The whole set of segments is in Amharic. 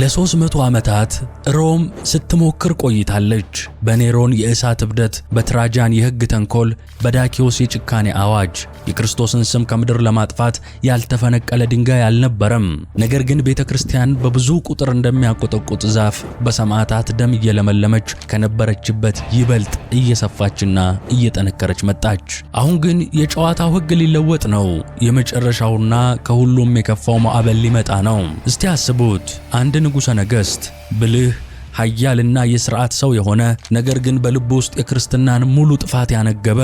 ለሶስት መቶ ዓመታት ሮም ስትሞክር ቆይታለች። በኔሮን የእሳት እብደት፣ በትራጃን የሕግ ተንኮል፣ በዳኪዎስ የጭካኔ አዋጅ የክርስቶስን ስም ከምድር ለማጥፋት ያልተፈነቀለ ድንጋይ አልነበረም። ነገር ግን ቤተ ክርስቲያን በብዙ ቁጥር እንደሚያቆጠቁጥ ዛፍ በሰማዕታት ደም እየለመለመች ከነበረችበት ይበልጥ እየሰፋችና እየጠነከረች መጣች። አሁን ግን የጨዋታው ሕግ ሊለወጥ ነው። የመጨረሻውና ከሁሉም የከፋው ማዕበል ሊመጣ ነው። እስቲ አስቡት አንድ ንጉሠ ነገሥት ብልህ ኃያልና የሥርዓት ሰው የሆነ ነገር ግን በልቡ ውስጥ የክርስትናን ሙሉ ጥፋት ያነገበ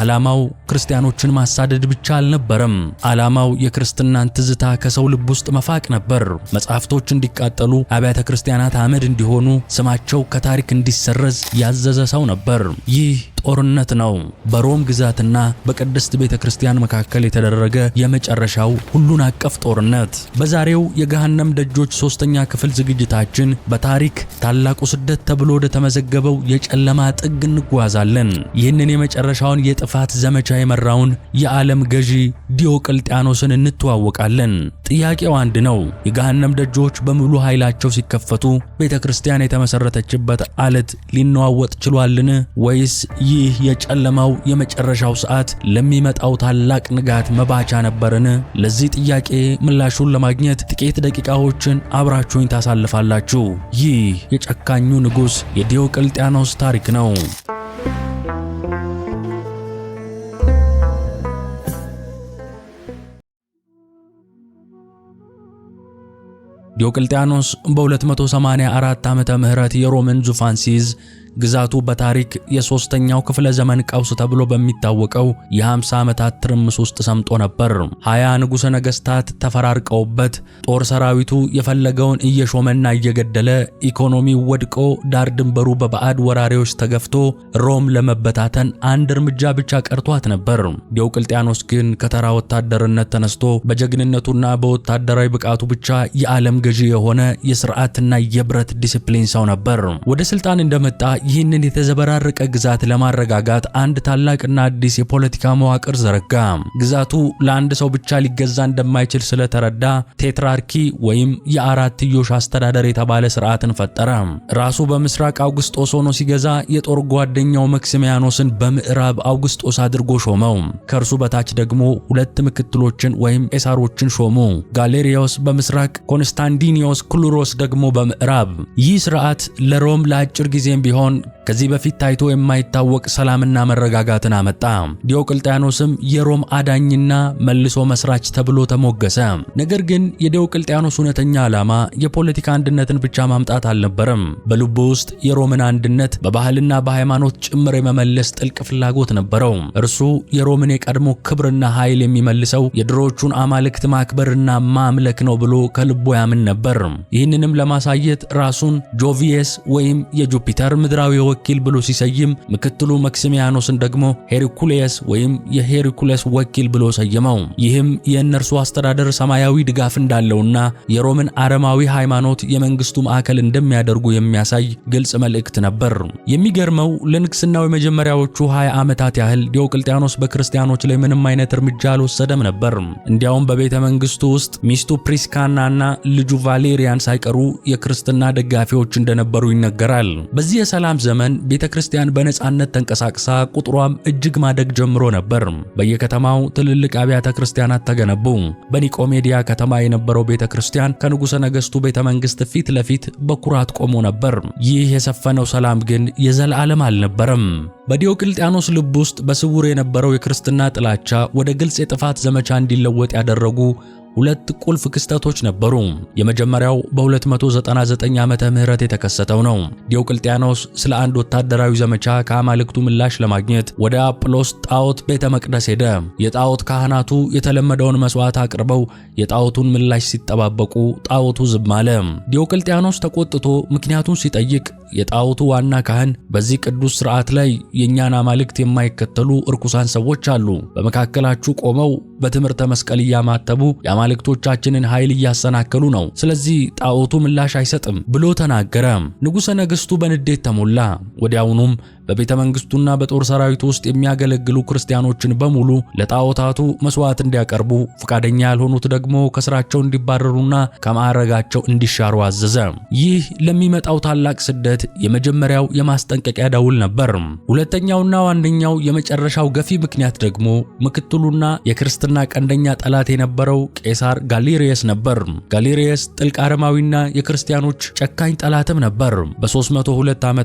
ዓላማው ክርስቲያኖችን ማሳደድ ብቻ አልነበረም። ዓላማው የክርስትናን ትዝታ ከሰው ልብ ውስጥ መፋቅ ነበር። መጻሕፍቶች እንዲቃጠሉ፣ አብያተ ክርስቲያናት አመድ እንዲሆኑ፣ ስማቸው ከታሪክ እንዲሰረዝ ያዘዘ ሰው ነበር። ይህ ጦርነት ነው። በሮም ግዛትና በቅድስት ቤተ ክርስቲያን መካከል የተደረገ የመጨረሻው ሁሉን አቀፍ ጦርነት። በዛሬው የገሃነም ደጆች ሶስተኛ ክፍል ዝግጅታችን በታሪክ ታላቁ ስደት ተብሎ ወደ ተመዘገበው የጨለማ ጥግ እንጓዛለን። ይህንን የመጨረሻውን የጥፋ የማጥፋት ዘመቻ የመራውን የዓለም ገዢ ዲዮቅልጥያኖስን እንተዋወቃለን። ጥያቄው አንድ ነው። የገሃነም ደጆች በሙሉ ኃይላቸው ሲከፈቱ ቤተ ክርስቲያን የተመሰረተችበት አለት ሊነዋወጥ ችሏልን? ወይስ ይህ የጨለማው የመጨረሻው ሰዓት ለሚመጣው ታላቅ ንጋት መባቻ ነበርን? ለዚህ ጥያቄ ምላሹን ለማግኘት ጥቂት ደቂቃዎችን አብራችሁኝ ታሳልፋላችሁ። ይህ የጨካኙ ንጉሥ የዲዮቅልጥያኖስ ታሪክ ነው። ዲዮቅልጥያኖስ በ284 ዓመተ ምህረት የሮምን ዙፋን ሲይዝ ግዛቱ በታሪክ የሶስተኛው ክፍለ ዘመን ቀውስ ተብሎ በሚታወቀው የ50 ዓመታት ትርምስ ውስጥ ሰምጦ ነበር። ሀያ ንጉሠ ነገሥታት ተፈራርቀውበት ጦር ሰራዊቱ የፈለገውን እየሾመና እየገደለ ኢኮኖሚው ወድቆ ዳር ድንበሩ በባዕድ ወራሪዎች ተገፍቶ ሮም ለመበታተን አንድ እርምጃ ብቻ ቀርቷት ነበር። ዲዮቅልጥያኖስ ግን ከተራ ወታደርነት ተነስቶ በጀግንነቱና በወታደራዊ ብቃቱ ብቻ የዓለም ገዢ የሆነ የስርዓትና የብረት ዲሲፕሊን ሰው ነበር። ወደ ስልጣን እንደመጣ ይህንን የተዘበራረቀ ግዛት ለማረጋጋት አንድ ታላቅና አዲስ የፖለቲካ መዋቅር ዘረጋ። ግዛቱ ለአንድ ሰው ብቻ ሊገዛ እንደማይችል ስለተረዳ ቴትራርኪ ወይም የአራትዮሽ አስተዳደር የተባለ ስርዓትን ፈጠረ። ራሱ በምስራቅ አውግስጦስ ሆኖ ሲገዛ የጦር ጓደኛው መክሲሚያኖስን በምዕራብ አውግስጦስ አድርጎ ሾመው። ከእርሱ በታች ደግሞ ሁለት ምክትሎችን ወይም ኤሳሮችን ሾሙ። ጋሌሪዮስ በምስራቅ፣ ኮንስታንዲኒዮስ ክሉሮስ ደግሞ በምዕራብ። ይህ ስርዓት ለሮም ለአጭር ጊዜም ቢሆን ሲሆን ከዚህ በፊት ታይቶ የማይታወቅ ሰላምና መረጋጋትን አመጣ። ዲዮቅልጥያኖስም የሮም አዳኝና መልሶ መስራች ተብሎ ተሞገሰ። ነገር ግን የዲዮቅልጥያኖስ እውነተኛ ዓላማ የፖለቲካ አንድነትን ብቻ ማምጣት አልነበረም። በልቡ ውስጥ የሮምን አንድነት በባህልና በሃይማኖት ጭምር የመመለስ ጥልቅ ፍላጎት ነበረው። እርሱ የሮምን የቀድሞ ክብርና ኃይል የሚመልሰው የድሮዎቹን አማልክት ማክበርና ማምለክ ነው ብሎ ከልቦ ያምን ነበር። ይህንንም ለማሳየት ራሱን ጆቪየስ ወይም የጁፒተር ምድረ ብሔራዊ ወኪል ብሎ ሲሰይም ምክትሉ መክሲሚያኖስን ደግሞ ሄርኩሌስ ወይም የሄርኩሌስ ወኪል ብሎ ሰየመው። ይህም የእነርሱ አስተዳደር ሰማያዊ ድጋፍ እንዳለውና የሮምን አረማዊ ሃይማኖት የመንግስቱ ማዕከል እንደሚያደርጉ የሚያሳይ ግልጽ መልእክት ነበር። የሚገርመው ለንግስናው የመጀመሪያዎቹ 20 ዓመታት ያህል ዲዮቅልጥያኖስ በክርስቲያኖች ላይ ምንም አይነት እርምጃ አልወሰደም ነበር። እንዲያውም በቤተ መንግስቱ ውስጥ ሚስቱ ፕሪስካናና ልጁ ቫሌሪያን ሳይቀሩ የክርስትና ደጋፊዎች እንደነበሩ ይነገራል። በዚህ የሰላ በሰላም ዘመን ቤተ ክርስቲያን በነፃነት ተንቀሳቅሳ ቁጥሯም እጅግ ማደግ ጀምሮ ነበር። በየከተማው ትልልቅ አብያተ ክርስቲያናት ተገነቡ። በኒቆሜዲያ ከተማ የነበረው ቤተ ክርስቲያን ከንጉሠ ነገሥቱ ቤተ መንግሥት ፊት ለፊት በኩራት ቆሞ ነበር። ይህ የሰፈነው ሰላም ግን የዘላለም አልነበረም። በዲዮቅልጥያኖስ ልብ ውስጥ በስውር የነበረው የክርስትና ጥላቻ ወደ ግልጽ የጥፋት ዘመቻ እንዲለወጥ ያደረጉ ሁለት ቁልፍ ክስተቶች ነበሩ። የመጀመሪያው በ299 ዓመተ ምህረት የተከሰተው ነው። ዲዮቅልጥያኖስ ስለ አንድ ወታደራዊ ዘመቻ ከአማልክቱ ምላሽ ለማግኘት ወደ አጵሎስ ጣዖት ቤተ መቅደስ ሄደ። የጣዖት ካህናቱ የተለመደውን መስዋዕት አቅርበው የጣዖቱን ምላሽ ሲጠባበቁ ጣዖቱ ዝም አለ። ዲዮቅልጥያኖስ ተቆጥቶ ምክንያቱን ሲጠይቅ የጣዖቱ ዋና ካህን በዚህ ቅዱስ ሥርዓት ላይ የእኛን አማልክት የማይከተሉ እርኩሳን ሰዎች አሉ፣ በመካከላችሁ ቆመው በትምህርተ መስቀል እያማተቡ የአማልክቶቻችንን ኃይል እያሰናከሉ ነው፣ ስለዚህ ጣዖቱ ምላሽ አይሰጥም ብሎ ተናገረ። ንጉሠ ነገሥቱ በንዴት ተሞላ። ወዲያውኑም በቤተ መንግስቱና በጦር ሰራዊቱ ውስጥ የሚያገለግሉ ክርስቲያኖችን በሙሉ ለጣዖታቱ መስዋዕት እንዲያቀርቡ፣ ፈቃደኛ ያልሆኑት ደግሞ ከስራቸው እንዲባረሩና ከማዕረጋቸው እንዲሻሩ አዘዘ። ይህ ለሚመጣው ታላቅ ስደት የመጀመሪያው የማስጠንቀቂያ ደውል ነበር። ሁለተኛውና ዋነኛው የመጨረሻው ገፊ ምክንያት ደግሞ ምክትሉና የክርስትና ቀንደኛ ጠላት የነበረው ቄሳር ጋሊሪየስ ነበር። ጋሊሪየስ ጥልቅ አረማዊና የክርስቲያኖች ጨካኝ ጠላትም ነበር። በ302 ዓ.ም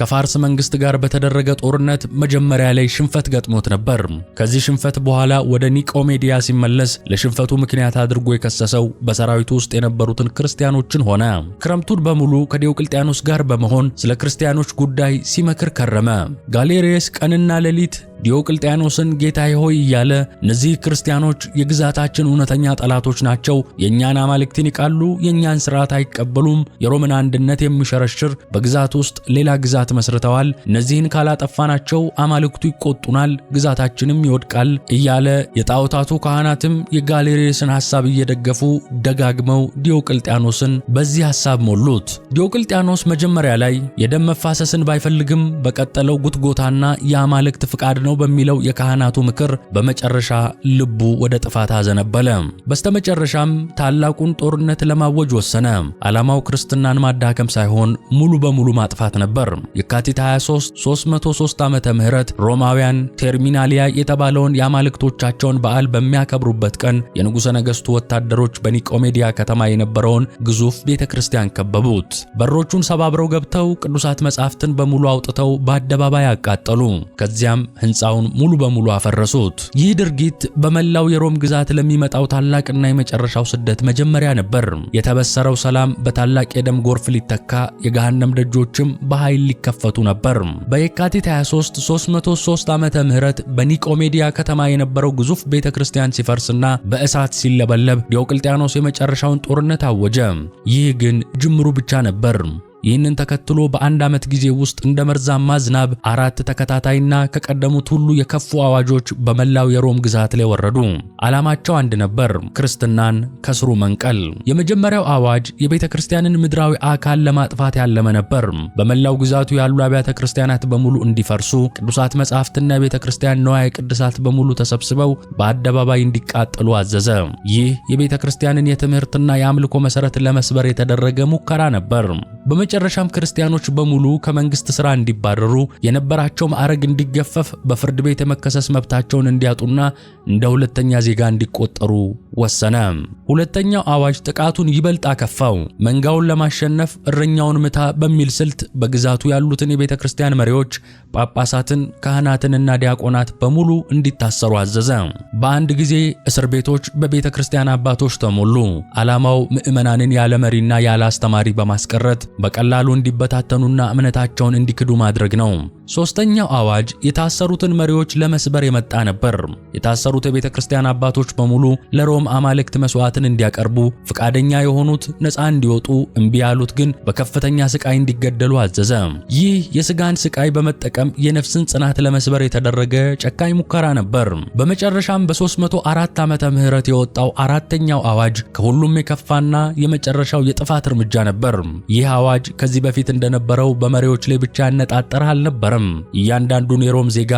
ከፋርስ መንግስት ጋር በተደረገ ጦርነት መጀመሪያ ላይ ሽንፈት ገጥሞት ነበር። ከዚህ ሽንፈት በኋላ ወደ ኒቆሜዲያ ሲመለስ ለሽንፈቱ ምክንያት አድርጎ የከሰሰው በሰራዊቱ ውስጥ የነበሩትን ክርስቲያኖችን ሆነ። ክረምቱን በሙሉ ከዲዮቅልጥያኖስ ጋር በመሆን ስለ ክርስቲያኖች ጉዳይ ሲመክር ከረመ። ጋሌሪዮስ ቀንና ሌሊት ዲዮቅልጥያኖስን ጌታዬ ሆይ እያለ እነዚህ ክርስቲያኖች የግዛታችን እውነተኛ ጠላቶች ናቸው፣ የእኛን አማልክትን ይቃሉ፣ የእኛን ስርዓት አይቀበሉም፣ የሮምን አንድነት የሚሸረሽር በግዛት ውስጥ ሌላ ግዛት መስርተዋል፣ እነዚህ እነዚህን ካላጠፋናቸው አማልክቱ ይቆጡናል፣ ግዛታችንም ይወድቃል እያለ የጣዖታቱ ካህናትም የጋሌሪዮስን ሐሳብ እየደገፉ ደጋግመው ዲዮቅልጥያኖስን በዚህ ሐሳብ ሞሉት። ዲዮቅልጥያኖስ መጀመሪያ ላይ የደም መፋሰስን ባይፈልግም በቀጠለው ጉትጎታና የአማልክት ፍቃድ ነው በሚለው የካህናቱ ምክር በመጨረሻ ልቡ ወደ ጥፋት አዘነበለ። በስተመጨረሻም ታላቁን ጦርነት ለማወጅ ወሰነ። ዓላማው ክርስትናን ማዳከም ሳይሆን ሙሉ በሙሉ ማጥፋት ነበር። የካቲት 23 303 ዓመተ ምህረት ሮማውያን ቴርሚናሊያ የተባለውን የአማልክቶቻቸውን በዓል በሚያከብሩበት ቀን የንጉሠ ነገሥቱ ወታደሮች በኒቆሜዲያ ከተማ የነበረውን ግዙፍ ቤተ ክርስቲያን ከበቡት። በሮቹን ሰባብረው ገብተው ቅዱሳት መጻሕፍትን በሙሉ አውጥተው በአደባባይ አቃጠሉ። ከዚያም ሕንፃውን ሙሉ በሙሉ አፈረሱት። ይህ ድርጊት በመላው የሮም ግዛት ለሚመጣው ታላቅና የመጨረሻው ስደት መጀመሪያ ነበር። የተበሰረው ሰላም በታላቅ የደም ጎርፍ ሊተካ የገሃነም ደጆችም በኃይል ሊከፈቱ ነበር። በየካቲት 23 303 ዓመተ ምህረት በኒቆሜዲያ ከተማ የነበረው ግዙፍ ቤተ ክርስቲያን ሲፈርስና በእሳት ሲለበለብ ዲዮቅልጥያኖስ የመጨረሻውን ጦርነት አወጀ። ይህ ግን ጅምሩ ብቻ ነበር። ይህንን ተከትሎ በአንድ ዓመት ጊዜ ውስጥ እንደ መርዛማ ዝናብ አራት ተከታታይና ከቀደሙት ሁሉ የከፉ አዋጆች በመላው የሮም ግዛት ላይ ወረዱ። ዓላማቸው አንድ ነበር፣ ክርስትናን ከስሩ መንቀል። የመጀመሪያው አዋጅ የቤተ ክርስቲያንን ምድራዊ አካል ለማጥፋት ያለመ ነበር። በመላው ግዛቱ ያሉ አብያተ ክርስቲያናት በሙሉ እንዲፈርሱ፣ ቅዱሳት መጻሕፍትና የቤተ ክርስቲያን ንዋየ ቅድሳት በሙሉ ተሰብስበው በአደባባይ እንዲቃጠሉ አዘዘ። ይህ የቤተ ክርስቲያንን የትምህርትና የአምልኮ መሠረት ለመስበር የተደረገ ሙከራ ነበር። በመጨረሻም ክርስቲያኖች በሙሉ ከመንግስት ስራ እንዲባረሩ፣ የነበራቸው ማዕረግ እንዲገፈፍ፣ በፍርድ ቤት የመከሰስ መብታቸውን እንዲያጡና እንደ ሁለተኛ ዜጋ እንዲቆጠሩ ወሰነ። ሁለተኛው አዋጅ ጥቃቱን ይበልጥ አከፋው። መንጋውን ለማሸነፍ እረኛውን ምታ በሚል ስልት በግዛቱ ያሉትን የቤተ ክርስቲያን መሪዎች፣ ጳጳሳትን፣ ካህናትንና ዲያቆናት በሙሉ እንዲታሰሩ አዘዘ። በአንድ ጊዜ እስር ቤቶች በቤተ ክርስቲያን አባቶች ተሞሉ። ዓላማው ምዕመናንን ያለ መሪና ያለ አስተማሪ በማስቀረት በቃ በቀላሉ እንዲበታተኑና እምነታቸውን እንዲክዱ ማድረግ ነው። ሶስተኛው አዋጅ የታሰሩትን መሪዎች ለመስበር የመጣ ነበር። የታሰሩት የቤተ ክርስቲያን አባቶች በሙሉ ለሮም አማልክት መስዋዕትን እንዲያቀርቡ ፈቃደኛ የሆኑት ነፃ እንዲወጡ፣ እምቢ ያሉት ግን በከፍተኛ ስቃይ እንዲገደሉ አዘዘ። ይህ የስጋን ስቃይ በመጠቀም የነፍስን ጽናት ለመስበር የተደረገ ጨካኝ ሙከራ ነበር። በመጨረሻም በ304 ዓመተ ምህረት የወጣው አራተኛው አዋጅ ከሁሉም የከፋና የመጨረሻው የጥፋት እርምጃ ነበር። ይህ አዋጅ ከዚህ በፊት እንደነበረው በመሪዎች ላይ ብቻ ያነጣጠረ አልነበረም። እያንዳንዱን የሮም ዜጋ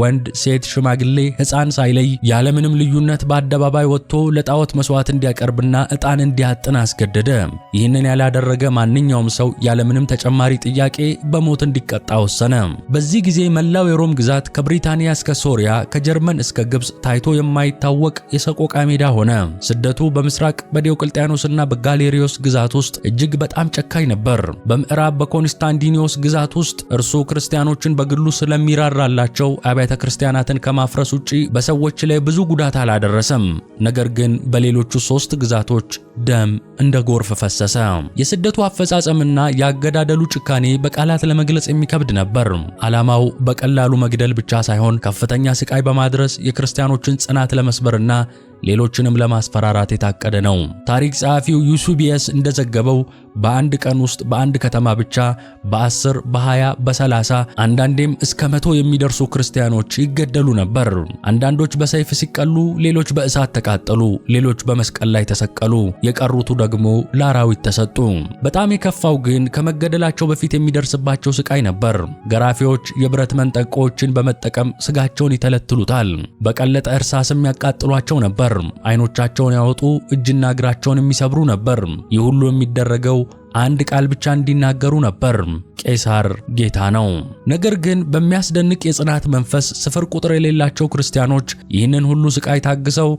ወንድ፣ ሴት፣ ሽማግሌ፣ ሕፃን ሳይለይ ያለምንም ልዩነት በአደባባይ ወጥቶ ለጣዖት መሥዋዕት እንዲያቀርብና ዕጣን እንዲያጥን አስገደደ። ይህንን ያላደረገ ማንኛውም ሰው ያለምንም ተጨማሪ ጥያቄ በሞት እንዲቀጣ ወሰነ። በዚህ ጊዜ መላው የሮም ግዛት ከብሪታንያ እስከ ሶሪያ፣ ከጀርመን እስከ ግብፅ ታይቶ የማይታወቅ የሰቆቃ ሜዳ ሆነ። ስደቱ በምስራቅ በዲዮቅልጥያኖስና በጋሌሪዮስ ግዛት ውስጥ እጅግ በጣም ጨካኝ ነበር። በምዕራብ በኮንስታንዲኒዮስ ግዛት ውስጥ እርሱ ክርስቲያኖችን በግሉ ስለሚራራላቸው አብያተ ክርስቲያናትን ከማፍረስ ውጪ በሰዎች ላይ ብዙ ጉዳት አላደረሰም። ነገር ግን በሌሎቹ ሶስት ግዛቶች ደም እንደ ጎርፍ ፈሰሰ። የስደቱ አፈጻጸምና የአገዳደሉ ጭካኔ በቃላት ለመግለጽ የሚከብድ ነበር። ዓላማው በቀላሉ መግደል ብቻ ሳይሆን ከፍተኛ ስቃይ በማድረስ የክርስቲያኖችን ጽናት ለመስበርና ሌሎችንም ለማስፈራራት የታቀደ ነው። ታሪክ ጸሐፊው ዩሱቢየስ እንደዘገበው በአንድ ቀን ውስጥ በአንድ ከተማ ብቻ በ10 በ20 በ30 አንዳንዴም እስከ መቶ የሚደርሱ ክርስቲያኖች ይገደሉ ነበር። አንዳንዶች በሰይፍ ሲቀሉ፣ ሌሎች በእሳት ተቃጠሉ፣ ሌሎች በመስቀል ላይ ተሰቀሉ፣ የቀሩቱ ደግሞ ለአራዊት ተሰጡ። በጣም የከፋው ግን ከመገደላቸው በፊት የሚደርስባቸው ስቃይ ነበር። ገራፊዎች የብረት መንጠቆዎችን በመጠቀም ስጋቸውን ይተለትሉታል፣ በቀለጠ እርሳስም ያቃጥሏቸው ነበር። ነበር። አይኖቻቸውን ያወጡ፣ እጅና እግራቸውን የሚሰብሩ ነበር። ይህ ሁሉ የሚደረገው አንድ ቃል ብቻ እንዲናገሩ ነበር፣ ቄሳር ጌታ ነው። ነገር ግን በሚያስደንቅ የጽናት መንፈስ ስፍር ቁጥር የሌላቸው ክርስቲያኖች ይህንን ሁሉ ስቃይ ታግሰው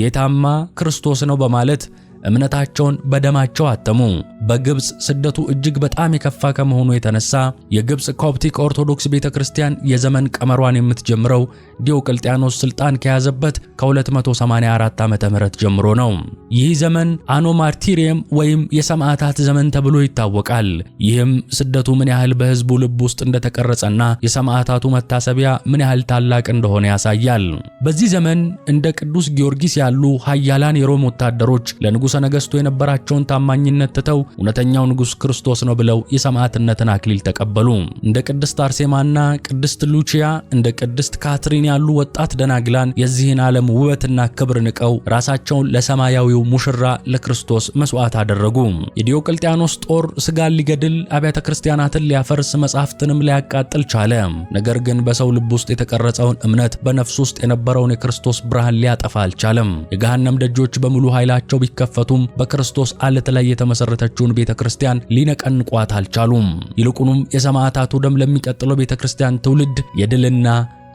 ጌታማ ክርስቶስ ነው በማለት እምነታቸውን በደማቸው አተሙ። በግብፅ ስደቱ እጅግ በጣም የከፋ ከመሆኑ የተነሳ የግብፅ ኮፕቲክ ኦርቶዶክስ ቤተ ክርስቲያን የዘመን ቀመሯን የምትጀምረው ዲዮቅልጥያኖስ ስልጣን ከያዘበት ከ284 ዓመተ ምህረት ጀምሮ ነው። ይህ ዘመን አኖማርቲሪየም ወይም የሰማዕታት ዘመን ተብሎ ይታወቃል። ይህም ስደቱ ምን ያህል በህዝቡ ልብ ውስጥ እንደተቀረጸና የሰማዕታቱ መታሰቢያ ምን ያህል ታላቅ እንደሆነ ያሳያል። በዚህ ዘመን እንደ ቅዱስ ጊዮርጊስ ያሉ ኃያላን የሮም ወታደሮች ለንጉሠ ነገሥቱ የነበራቸውን ታማኝነት ትተው እውነተኛው ንጉሥ ክርስቶስ ነው ብለው የሰማዕትነትን አክሊል ተቀበሉ። እንደ ቅድስት አርሴማና ቅድስት ሉቺያ እንደ ቅድስት ካትሪን ያሉ ወጣት ደናግላን የዚህን ዓለም ውበትና ክብር ንቀው ራሳቸውን ለሰማያዊው ሙሽራ ለክርስቶስ መስዋዕት አደረጉ። የዲዮቅልጥያኖስ ጦር ስጋን ሊገድል፣ አብያተ ክርስቲያናትን ሊያፈርስ፣ መጻሕፍትንም ሊያቃጥል ቻለ። ነገር ግን በሰው ልብ ውስጥ የተቀረጸውን እምነት፣ በነፍስ ውስጥ የነበረውን የክርስቶስ ብርሃን ሊያጠፋ አልቻለም። የገሃነም ደጆች በሙሉ ኃይላቸው ቢከፈቱም በክርስቶስ ዓለት ላይ የተመሰረተችውን ቤተ ክርስቲያን ሊነቀንቋት አልቻሉም። ይልቁንም የሰማዕታቱ ደም ለሚቀጥለው ቤተ ክርስቲያን ትውልድ የድልና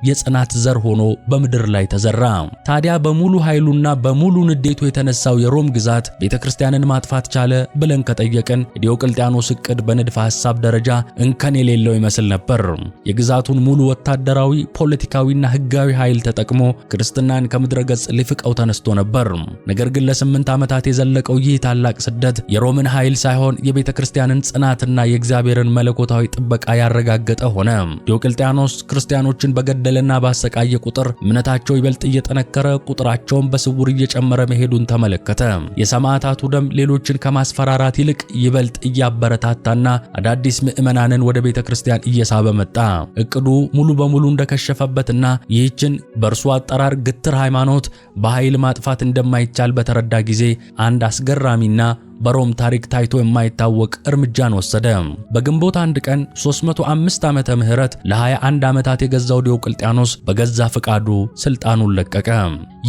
የጽናት ዘር ሆኖ በምድር ላይ ተዘራ። ታዲያ በሙሉ ኃይሉና በሙሉ ንዴቱ የተነሳው የሮም ግዛት ቤተ ክርስቲያንን ማጥፋት ቻለ ብለን ከጠየቅን የዲዮቅልጥያኖስ እቅድ በንድፈ ሐሳብ ደረጃ እንከን የሌለው ይመስል ነበር። የግዛቱን ሙሉ ወታደራዊ፣ ፖለቲካዊና ሕጋዊ ኃይል ተጠቅሞ ክርስትናን ከምድረ ገጽ ሊፍቀው ተነስቶ ነበር። ነገር ግን ለስምንት ዓመታት የዘለቀው ይህ ታላቅ ስደት የሮምን ኃይል ሳይሆን የቤተ ክርስቲያንን ጽናትና የእግዚአብሔርን መለኮታዊ ጥበቃ ያረጋገጠ ሆነ። ዲዮቅልጥያኖስ ክርስቲያኖችን በገደ ባስገደለና ባሰቃየ ቁጥር እምነታቸው ይበልጥ እየጠነከረ ቁጥራቸውን በስውር እየጨመረ መሄዱን ተመለከተ። የሰማዕታቱ ደም ሌሎችን ከማስፈራራት ይልቅ ይበልጥ እያበረታታና አዳዲስ ምዕመናንን ወደ ቤተ ክርስቲያን እየሳበ መጣ። እቅዱ ሙሉ በሙሉ እንደከሸፈበትና ይህችን በእርሱ አጠራር ግትር ሃይማኖት በኃይል ማጥፋት እንደማይቻል በተረዳ ጊዜ አንድ አስገራሚና በሮም ታሪክ ታይቶ የማይታወቅ እርምጃን ወሰደ። በግንቦት አንድ ቀን 305 ዓመተ ምህረት ለ21 ዓመታት የገዛው ዲዮቅልጥያኖስ በገዛ ፈቃዱ ስልጣኑን ለቀቀ።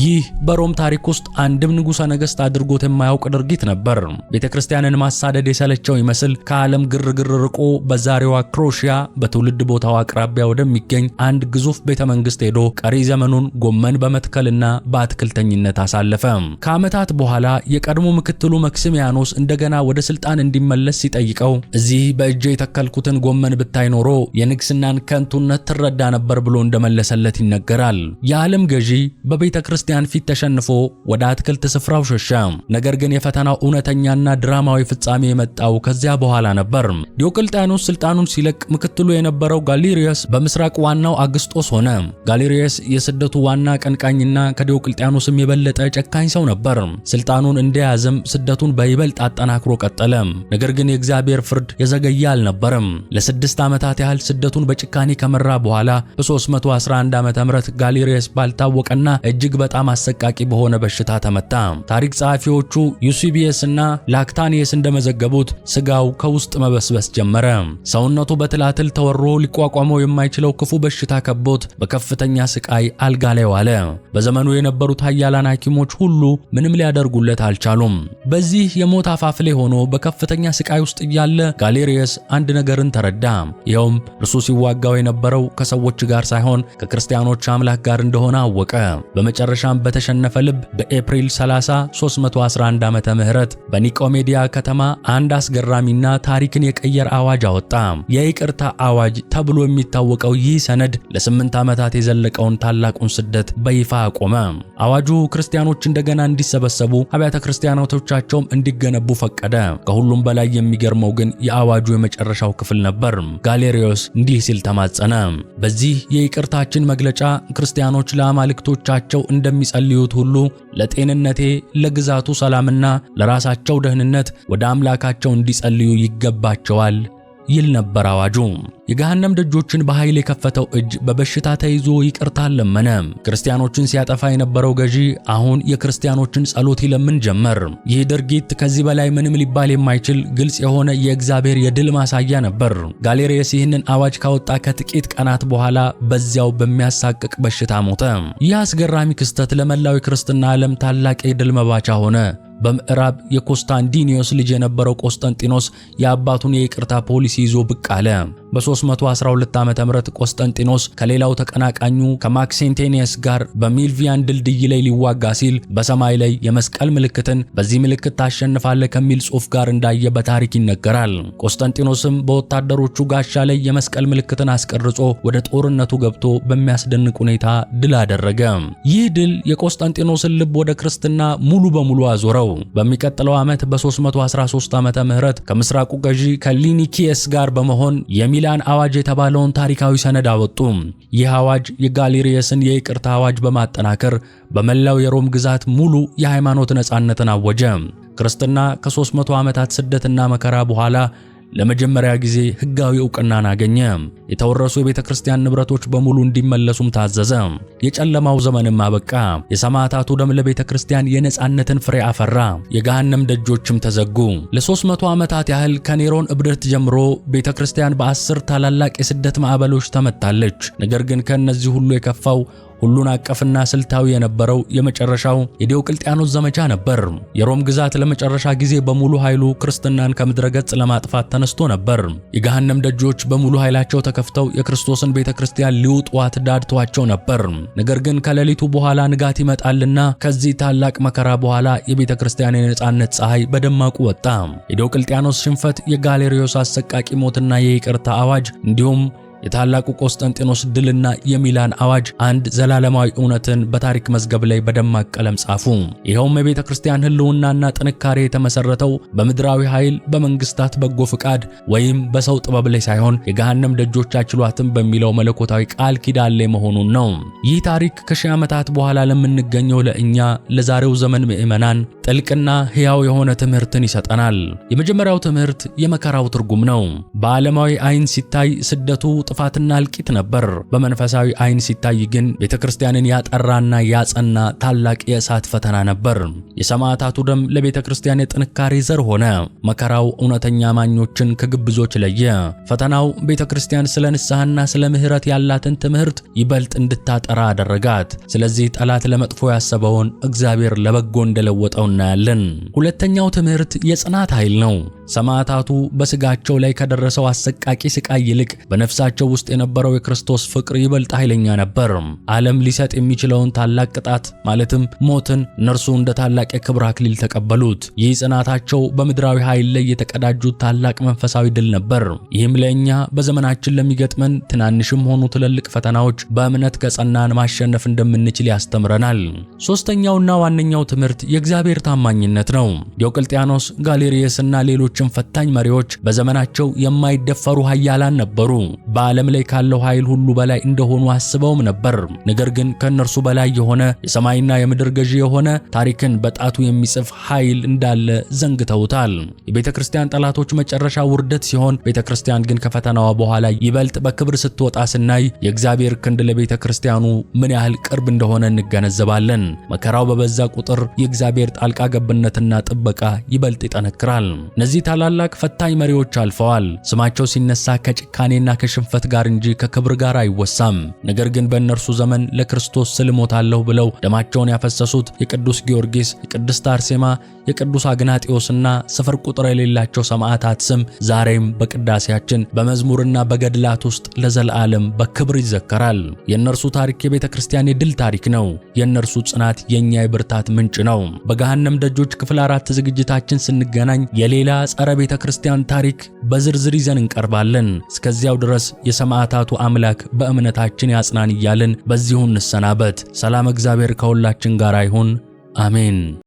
ይህ በሮም ታሪክ ውስጥ አንድም ንጉሠ ነገሥት አድርጎት የማያውቅ ድርጊት ነበር። ቤተ ክርስቲያንን ማሳደድ የሰለቸው ይመስል ከዓለም ግርግር ርቆ በዛሬዋ ክሮሺያ በትውልድ ቦታው አቅራቢያ ወደሚገኝ አንድ ግዙፍ ቤተ መንግሥት ሄዶ ቀሪ ዘመኑን ጎመን በመትከልና በአትክልተኝነት አሳለፈ። ከዓመታት በኋላ የቀድሞ ምክትሉ መክሲሚያን ሊባኖስ እንደገና ወደ ስልጣን እንዲመለስ ሲጠይቀው እዚህ በእጄ የተከልኩትን ጎመን ብታይ ኖሮ የንግስናን ከንቱነት ትረዳ ነበር ብሎ እንደመለሰለት ይነገራል። የዓለም ገዢ በቤተ ክርስቲያን ፊት ተሸንፎ ወደ አትክልት ስፍራው ሸሸ። ነገር ግን የፈተናው እውነተኛና ድራማዊ ፍጻሜ የመጣው ከዚያ በኋላ ነበር። ዲዮቅልጥያኖስ ስልጣኑን ሲለቅ ምክትሉ የነበረው ጋሊሪየስ በምስራቅ ዋናው አግስጦስ ሆነ። ጋሊሪየስ የስደቱ ዋና ቀንቃኝና ከዲዮቅልጥያኖስም የበለጠ ጨካኝ ሰው ነበር። ስልጣኑን እንደያዘም ስደቱን በይበ ይበልጥ አጠናክሮ ቀጠለ። ነገር ግን የእግዚአብሔር ፍርድ የዘገየ አልነበረም። ለስድስት ዓመታት ያህል ስደቱን በጭካኔ ከመራ በኋላ በ311 ዓ.ም ጋሊሪየስ ባልታወቀና እጅግ በጣም አሰቃቂ በሆነ በሽታ ተመታ። ታሪክ ጸሐፊዎቹ ዩሲቢየስ እና ላክታኒየስ እንደመዘገቡት ስጋው ከውስጥ መበስበስ ጀመረ። ሰውነቱ በትላትል ተወሮ ሊቋቋመው የማይችለው ክፉ በሽታ ከቦት በከፍተኛ ስቃይ አልጋ ላይ ዋለ። በዘመኑ የነበሩት ኃያላን ሐኪሞች ሁሉ ምንም ሊያደርጉለት አልቻሉም። በዚህ የሞት አፋፍ ላይ ሆኖ በከፍተኛ ስቃይ ውስጥ እያለ ጋሌሪየስ አንድ ነገርን ተረዳ። ይኸውም እርሱ ሲዋጋው የነበረው ከሰዎች ጋር ሳይሆን ከክርስቲያኖች አምላክ ጋር እንደሆነ አወቀ። በመጨረሻም በተሸነፈ ልብ በኤፕሪል 30 311 ዓመተ ምህረት በኒቆሜዲያ ከተማ አንድ አስገራሚና ታሪክን የቀየር አዋጅ አወጣ። የይቅርታ አዋጅ ተብሎ የሚታወቀው ይህ ሰነድ ለስምንት ዓመታት የዘለቀውን ታላቁን ስደት በይፋ አቆመ። አዋጁ ክርስቲያኖች እንደገና እንዲሰበሰቡ አብያተ ክርስቲያናቶቻቸውም እንዲገ እንዲገነቡ ፈቀደ። ከሁሉም በላይ የሚገርመው ግን የአዋጁ የመጨረሻው ክፍል ነበር። ጋሌሪዮስ እንዲህ ሲል ተማጸነ። በዚህ የይቅርታችን መግለጫ ክርስቲያኖች ለአማልክቶቻቸው እንደሚጸልዩት ሁሉ ለጤንነቴ፣ ለግዛቱ ሰላምና ለራሳቸው ደህንነት ወደ አምላካቸው እንዲጸልዩ ይገባቸዋል ይል ነበር አዋጁ። የገሃነም ደጆችን በኃይል የከፈተው እጅ በበሽታ ተይዞ ይቅርታ ለመነ። ክርስቲያኖችን ሲያጠፋ የነበረው ገዢ አሁን የክርስቲያኖችን ጸሎት ይለምን ጀመር። ይህ ድርጊት ከዚህ በላይ ምንም ሊባል የማይችል ግልጽ የሆነ የእግዚአብሔር የድል ማሳያ ነበር። ጋሌሪየስ ይህንን አዋጅ ካወጣ ከጥቂት ቀናት በኋላ በዚያው በሚያሳቅቅ በሽታ ሞተ። ይህ አስገራሚ ክስተት ለመላው የክርስትና ዓለም ታላቅ የድል መባቻ ሆነ። በምዕራብ የኮንስታንዲኒዮስ ልጅ የነበረው ቆስጠንጢኖስ የአባቱን የይቅርታ ፖሊሲ ይዞ ብቅ አለ። በ312 ዓ ም ቆስጠንጢኖስ ከሌላው ተቀናቃኙ ከማክሴንቴኒየስ ጋር በሚልቪያን ድልድይ ላይ ሊዋጋ ሲል በሰማይ ላይ የመስቀል ምልክትን በዚህ ምልክት ታሸንፋለህ ከሚል ጽሑፍ ጋር እንዳየ በታሪክ ይነገራል። ቆስጠንጢኖስም በወታደሮቹ ጋሻ ላይ የመስቀል ምልክትን አስቀርጾ ወደ ጦርነቱ ገብቶ በሚያስደንቅ ሁኔታ ድል አደረገ። ይህ ድል የቆስጠንጢኖስን ልብ ወደ ክርስትና ሙሉ በሙሉ አዞረው። በሚቀጥለው ዓመት በ313 ዓ ም ከምስራቁ ገዢ ከሊኒኪየስ ጋር በመሆን የሚላ ሚላን አዋጅ የተባለውን ታሪካዊ ሰነድ አወጡ። ይህ አዋጅ የጋሊሪየስን የይቅርታ አዋጅ በማጠናከር በመላው የሮም ግዛት ሙሉ የሃይማኖት ነጻነትን አወጀ። ክርስትና ከ300 ዓመታት ስደትና መከራ በኋላ ለመጀመሪያ ጊዜ ሕጋዊ ዕውቅናን አገኘ። የተወረሱ የቤተ ክርስቲያን ንብረቶች በሙሉ እንዲመለሱም ታዘዘ። የጨለማው ዘመንም አበቃ። የሰማዕታቱ ደም ለቤተ ክርስቲያን የነጻነትን ፍሬ አፈራ። የገሃነም ደጆችም ተዘጉ። ለ300 ዓመታት ያህል ከኔሮን እብደት ጀምሮ ቤተ ክርስቲያን በአስር ታላላቅ የስደት ማዕበሎች ተመታለች። ነገር ግን ከእነዚህ ሁሉ የከፋው ሁሉን አቀፍና ስልታዊ የነበረው የመጨረሻው የዲዮቅልጥያኖስ ዘመቻ ነበር። የሮም ግዛት ለመጨረሻ ጊዜ በሙሉ ኃይሉ ክርስትናን ከምድረ ገጽ ለማጥፋት ተነስቶ ነበር። የገሃነም ደጆች በሙሉ ኃይላቸው ተከፍተው የክርስቶስን ቤተ ክርስቲያን ሊውጧት ዳድተዋቸው ነበር። ነገር ግን ከሌሊቱ በኋላ ንጋት ይመጣልና ከዚህ ታላቅ መከራ በኋላ የቤተ ክርስቲያን የነጻነት ፀሐይ በደማቁ ወጣ። የዲዮቅልጥያኖስ ሽንፈት፣ የጋሌሪዮስ አሰቃቂ ሞትና የይቅርታ አዋጅ እንዲሁም የታላቁ ቆስጠንጢኖስ ድልና የሚላን አዋጅ አንድ ዘላለማዊ እውነትን በታሪክ መዝገብ ላይ በደማቅ ቀለም ጻፉ። ይኸውም የቤተ ክርስቲያን ሕልውናና ጥንካሬ የተመሰረተው በምድራዊ ኃይል፣ በመንግስታት በጎ ፍቃድ ወይም በሰው ጥበብ ላይ ሳይሆን የገሃነም ደጆች አይችሏትም በሚለው መለኮታዊ ቃል ኪዳን ላይ መሆኑን ነው። ይህ ታሪክ ከሺህ ዓመታት በኋላ ለምንገኘው ለእኛ ለዛሬው ዘመን ምዕመናን ጥልቅና ሕያው የሆነ ትምህርትን ይሰጠናል። የመጀመሪያው ትምህርት የመከራው ትርጉም ነው። በዓለማዊ አይን ሲታይ ስደቱ ጥፋትና እልቂት ነበር። በመንፈሳዊ ዓይን ሲታይ ግን ቤተ ክርስቲያንን ያጠራና ያጸና ታላቅ የእሳት ፈተና ነበር። የሰማዕታቱ ደም ለቤተ ክርስቲያን የጥንካሬ ዘር ሆነ። መከራው እውነተኛ አማኞችን ከግብዞች ለየ። ፈተናው ቤተ ክርስቲያን ስለ ንስሐና ስለ ምሕረት ያላትን ትምህርት ይበልጥ እንድታጠራ አደረጋት። ስለዚህ ጠላት ለመጥፎ ያሰበውን እግዚአብሔር ለበጎ እንደለወጠው እናያለን። ሁለተኛው ትምህርት የጽናት ኃይል ነው። ሰማዕታቱ በስጋቸው ላይ ከደረሰው አሰቃቂ ስቃይ ይልቅ በነፍሳቸው በልቦናቸው ውስጥ የነበረው የክርስቶስ ፍቅር ይበልጥ ኃይለኛ ነበር። ዓለም ሊሰጥ የሚችለውን ታላቅ ቅጣት ማለትም ሞትን እነርሱ እንደ ታላቅ የክብር አክሊል ተቀበሉት። ይህ ጽናታቸው በምድራዊ ኃይል ላይ የተቀዳጁት ታላቅ መንፈሳዊ ድል ነበር። ይህም ለእኛ በዘመናችን ለሚገጥመን ትናንሽም ሆኑ ትልልቅ ፈተናዎች በእምነት ከጸናን ማሸነፍ እንደምንችል ያስተምረናል። ሶስተኛውና ዋነኛው ትምህርት የእግዚአብሔር ታማኝነት ነው። ዲዮቅልጥያኖስ፣ ጋሌሪየስና ሌሎችም ፈታኝ መሪዎች በዘመናቸው የማይደፈሩ ኃያላን ነበሩ። በዓለም ላይ ካለው ኃይል ሁሉ በላይ እንደሆኑ አስበውም ነበር። ነገር ግን ከእነርሱ በላይ የሆነ የሰማይና የምድር ገዢ የሆነ ታሪክን በጣቱ የሚጽፍ ኃይል እንዳለ ዘንግተውታል። የቤተ ክርስቲያን ጠላቶች መጨረሻ ውርደት ሲሆን፣ ቤተ ክርስቲያን ግን ከፈተናዋ በኋላ ይበልጥ በክብር ስትወጣ ስናይ የእግዚአብሔር ክንድ ለቤተ ክርስቲያኑ ምን ያህል ቅርብ እንደሆነ እንገነዘባለን። መከራው በበዛ ቁጥር የእግዚአብሔር ጣልቃ ገብነትና ጥበቃ ይበልጥ ይጠነክራል። እነዚህ ታላላቅ ፈታኝ መሪዎች አልፈዋል። ስማቸው ሲነሳ ከጭካኔና ከሽንፈ ከሽንፈት ጋር እንጂ ከክብር ጋር አይወሳም። ነገር ግን በእነርሱ ዘመን ለክርስቶስ ስል ብለው ደማቸውን ያፈሰሱት የቅዱስ ጊዮርጊስ፣ የቅድስት አርሴማ፣ የቅዱስ አግናጢዮስና ስፍር ቁጥር የሌላቸው ሰማዕታት ስም ዛሬም በቅዳሴያችን በመዝሙርና በገድላት ውስጥ ለዘላለም በክብር ይዘከራል። የእነርሱ ታሪክ የቤተ ክርስቲያን የድል ታሪክ ነው። የእነርሱ ጽናት የእኛ የብርታት ምንጭ ነው። በገሃነም ደጆች ክፍል አራት ዝግጅታችን ስንገናኝ የሌላ ጸረ ቤተ ክርስቲያን ታሪክ በዝርዝር ይዘን እንቀርባለን። እስከዚያው ድረስ የሰማዕታቱ አምላክ በእምነታችን ያጽናን እያልን በዚሁ እንሰናበት። ሰላም፣ እግዚአብሔር ከሁላችን ጋር ይሁን። አሜን።